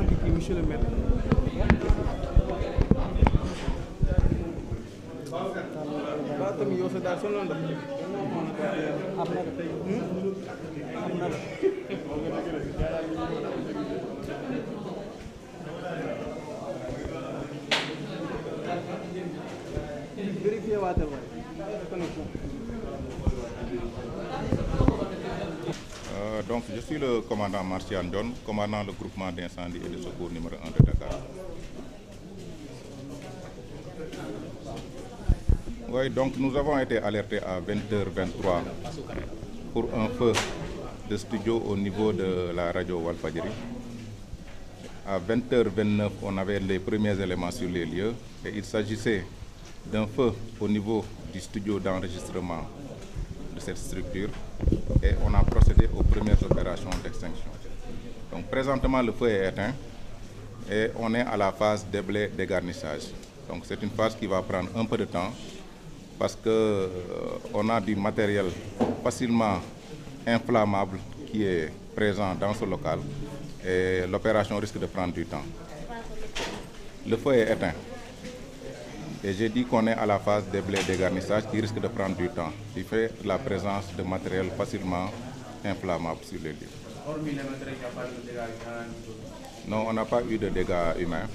tant que kii monsieur le maire. waaw tamit yow sax daal soo doon def. am na de am na de. vérifié waatal waay Donc, je suis commandant Martial John, commandant le groupement d'incendie et de donc nous avons à 20h23 pour un feu au niveau de la radio Walfadjiri. À 20h29, on avait les premiers éléments au niveau du studio d'enregistrement de cette structure et on a procédé aux premières opérations d'extinction. Donc présentement, le feu est éteint et on est à la phase des blés des garnissages. Donc c'est une phase qui va prendre un peu de temps parce que euh, on a du matériel facilement inflammable qui est présent dans ce local et l'opération risque de prendre du temps. Le feu est éteint. Et je qu'on est à la phase des blés de garnissage qui risque de prendre du temps, qui fait la présence de matériel facilement inflammable sur les lieux. Non, on n'a pas eu de dégâts humains.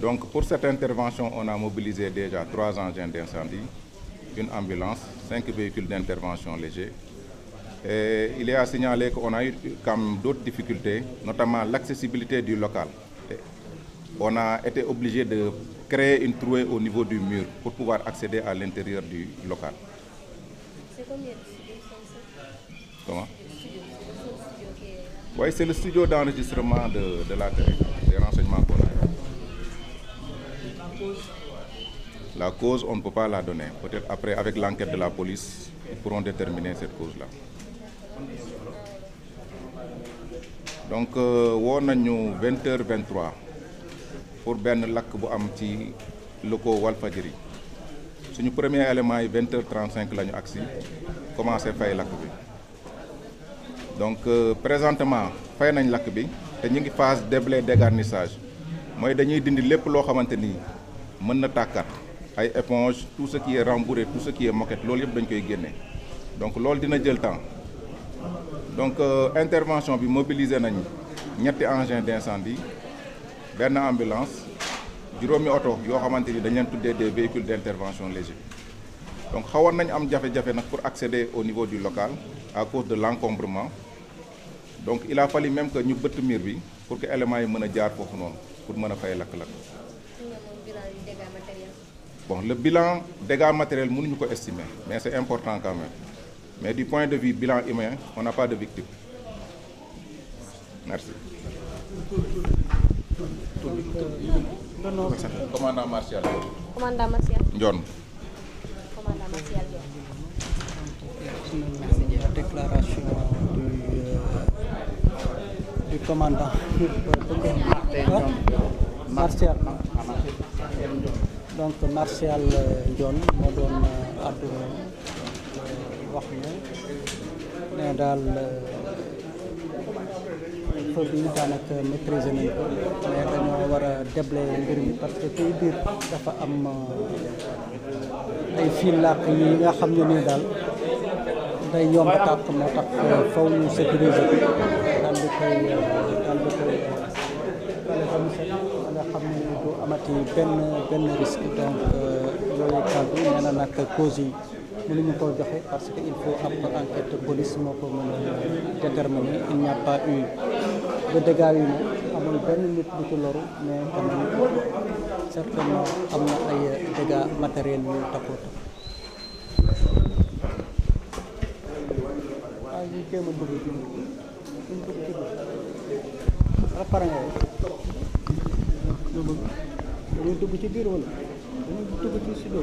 Donc pour cette intervention, on a mobilisé déjà trois engins d'incendie, une ambulance, cinq véhicules d'intervention légers. Et il est à signaler qu'on a eu quand même d'autres difficultés, notamment l'accessibilité du local. On a été obligé de créer une trouée au niveau du mur pour pouvoir accéder à l'intérieur du local. C'est combien de studios le studio d'enregistrement de, de la terre, des renseignements qu'on La cause, on ne peut pas la donner. Peut-être après, avec l'enquête de la police, ils pourront déterminer cette cause-là. Donc, euh, on a 20 pour benn lakk bu am ci locaux Walfadjri suñu premier élément yi vingt heures trente cinq la ñu agsi commencé fay lakk bi donc euh, présentement fay nañ lakk bi te ñu ngi phase déblai dégarnissage mooy dañuy dindi lépp loo xamante ni mën na tàkkat ay éponge tout ce qui est rembourré tout ce qui est loolu yëpp dañ koy génne donc loolu dina jël temps donc euh, intervention bi mobiliser nañ ñetti engin d'incendie benn ambulance juróomi oto yoo xamante ni dañ leen tuddee des véhicules d'intervention légers donc xawoon nañ am jafe-jafe nag pour accéder au niveau du local à cause de l'encombrement donc il a fallu même que ñu bëtt miir bi pour que éléments yi mën a jaar foofu noonu pour mën a fay lakk-lakk. bon le bilan dégâts matériels mënuñu ko estimer mais c'est important quand mais du point de vue bilan humain on n'a pas de victime commandant martial. commandant déclaration du, euh, commandant. martial. donc martial euh, Ndion moo doon euh, addu wax ne ne daal. feu bi daanaka maîtriser nañ ko mais dañoo war mbir mi parce que tey biir dafa am ay fil làkk yi nga xam ne nii daal day yomb tàkk moo tax faw ñu sécuriser ko daal di koy du amati benn benn risque donc yooyu kàddu nee na nag cause yi mënuñu koo joxe parce que il faut ab enquête police moo ko mën a déterminer il n'y a pas eu de dégâts yu ne amul benn nit bu ci loru mais quand même am na ay dégâts matériels yu a dugg ci ñu dugg ci wala pare nga dugg ci biir wala dañuy dugg ci studio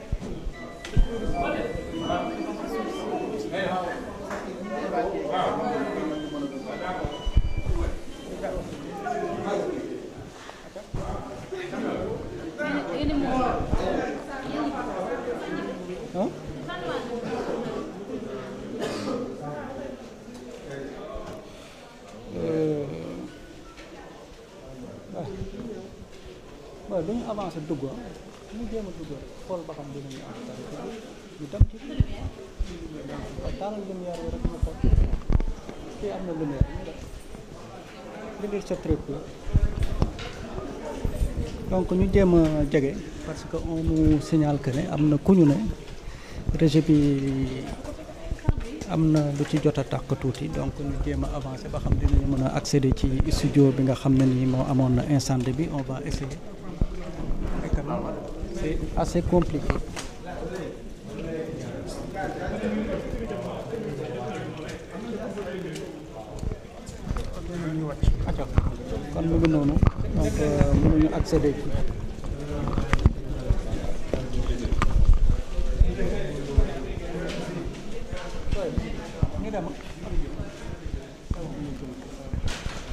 waaw waaw lu ñu dugg ah a dugg xool ba xam dinañu am tamit ñu donc ñu jéem a jege parce que on nous signale que ne am na ku ñu ne rejet bi am na lu ci jot a tàkk tuuti donc ñu jéem a avancé ba xam dinañu mën a accéder ci studio bi nga xam ne nii moo amoon na instante bi on va c'est assez compliqué. kon mu ngi noonu donc euh, mënuñu accéder ci